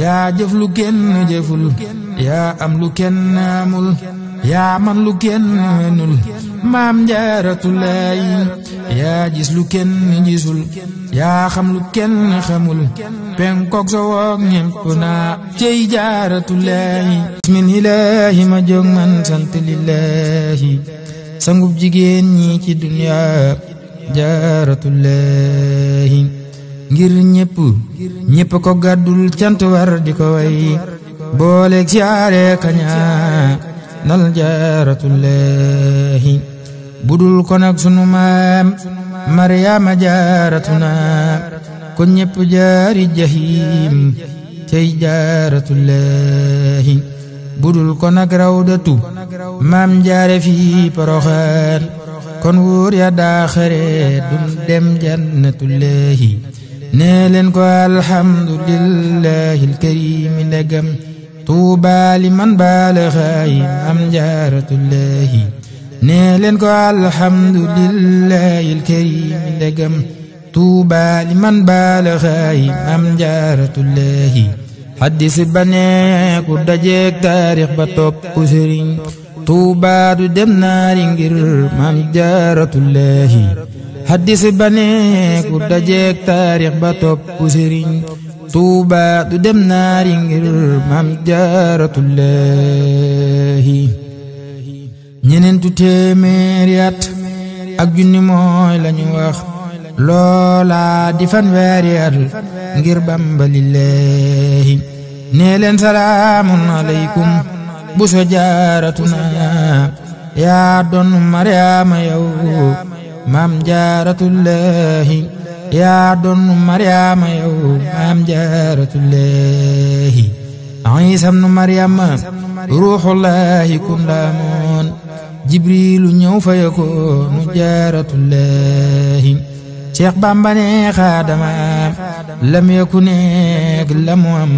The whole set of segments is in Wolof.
ya jëflu lu kenn jëful yaa am lu kenn amul yaa man lu kenn mënul maam njaaratulaay yaa gis lu kenn gisul yaa xam lu kenn xamul penkook so woog ñépp naa cey jaaratulaay bismillaahi ma jóg man sant lillaahi sangub jigéen ñi ci duniyaa jaaratulaay ngir ñépp ñépp ko gàddul cant war di ko way booleeg siyaare kaña nal jaaratullahi budul ko nag sunu maam maryaama jaaratuna ko ñépp jaari jahim tey jaaratullahi budul ko nag rawdatu maam jaare fi poroxaan kon wóor ya daaxare dum dem jannatullahi nee leen ko alhamdulillahi alkarimi ndegam tuuba li man baalaxaayi am jaaratullahi nee leen ko alhamdulillahi alkarimi ndegam tuuba li man baalaxaayi am jaaratullahi xaddis ba nee ku dajeeg taarix ba topp sëriñ tuuba du dem naari ngir maam jaaratullahi haddis ba neeku dajeek taarix ba topp sëriñ Tuuba du dem naari ngir maam jaaratullaahi ñenentu téeméeri at ak junni mooy lañu wax loola di fanweeri at ngir Bamba lillaahi nee leen salaamun bu so jaaratuna yaa doon Mariama yow maam jaaratullahi yaa doon Mariama yow maam jaaratullahi Iisa ibnu Mariama ruuxullahi kun la moon Jibriilu ñëw fa yakoonu jaaratullahi Cheikh Bamba ne xaadamaam lam yaku neeg la mu am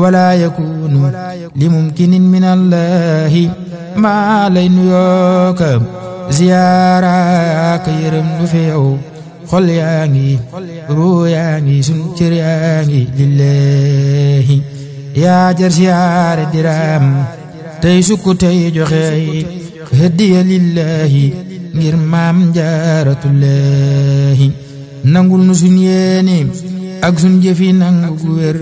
wala yakunu li mumkinin min allahi maa lay nuyooka ziyaara ka yërëm nu fi xol yaa ngi ruu yaa ngi sun cër yaa ngi lillahi yaa jar ziyaara diraam tey sukku tey joxe hëddiya lillahi ngir maam jaaratullahi nangul nu sun yéene ak sun jëfi nangu gu wér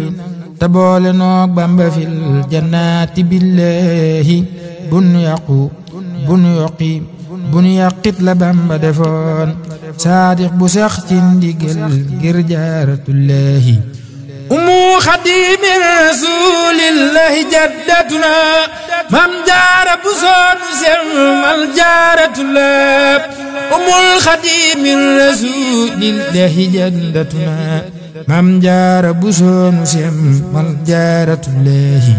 te boole noog bamba fil bun yaqu bun yoqi bu nu yàqit la bamba defoon saadix bu sax ci ndigal ngir jaaratullahi umu xadimi rasulillahi jaddatuna mam jaara bu soonu semmal jaaratullahi umul xadimi rasulillahi jaddatuna mam jaara bu soonu semmal jaaratullahi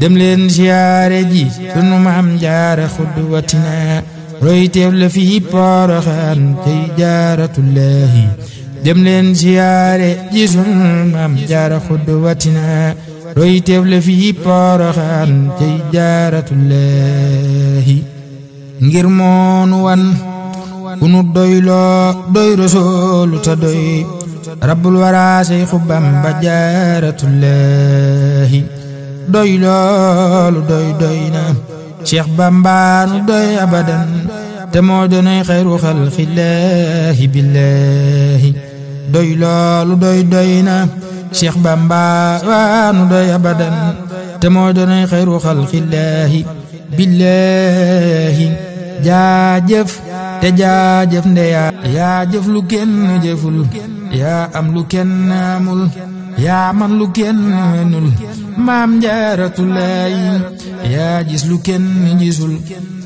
dem leen siyaare ji sunu mam jaara xudwatina royteef la fii Porokhane tey jaaratullahi dem leen ziyaare ji sunu maam jaara xudwatina royteef la fii Porokhane tey jaaratullahi ngir moonu wan ku nu doyloo doy rasoolu ta doy rabbul waraa Seexu Bamba jaaratullahi doy loolu doy doy na Cheikh Bamba nu doy abadan te moo doonay xayru xalqillaahi billaahi doy loolu doy doy na Cheikh Bamba waanu doy abadan te moo doonay xayru xalqillaahi billaahi jaajëf te jaajëf ndeya yaa jëf lu kenn jëful yaa am lu kenn amul yaa man lu kenn wenul maam jaaratulaay yaa gis lu kenn gisul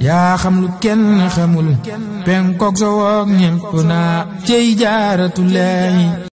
yaa xam lu kenn xamul penkook so woog ñepp naa cey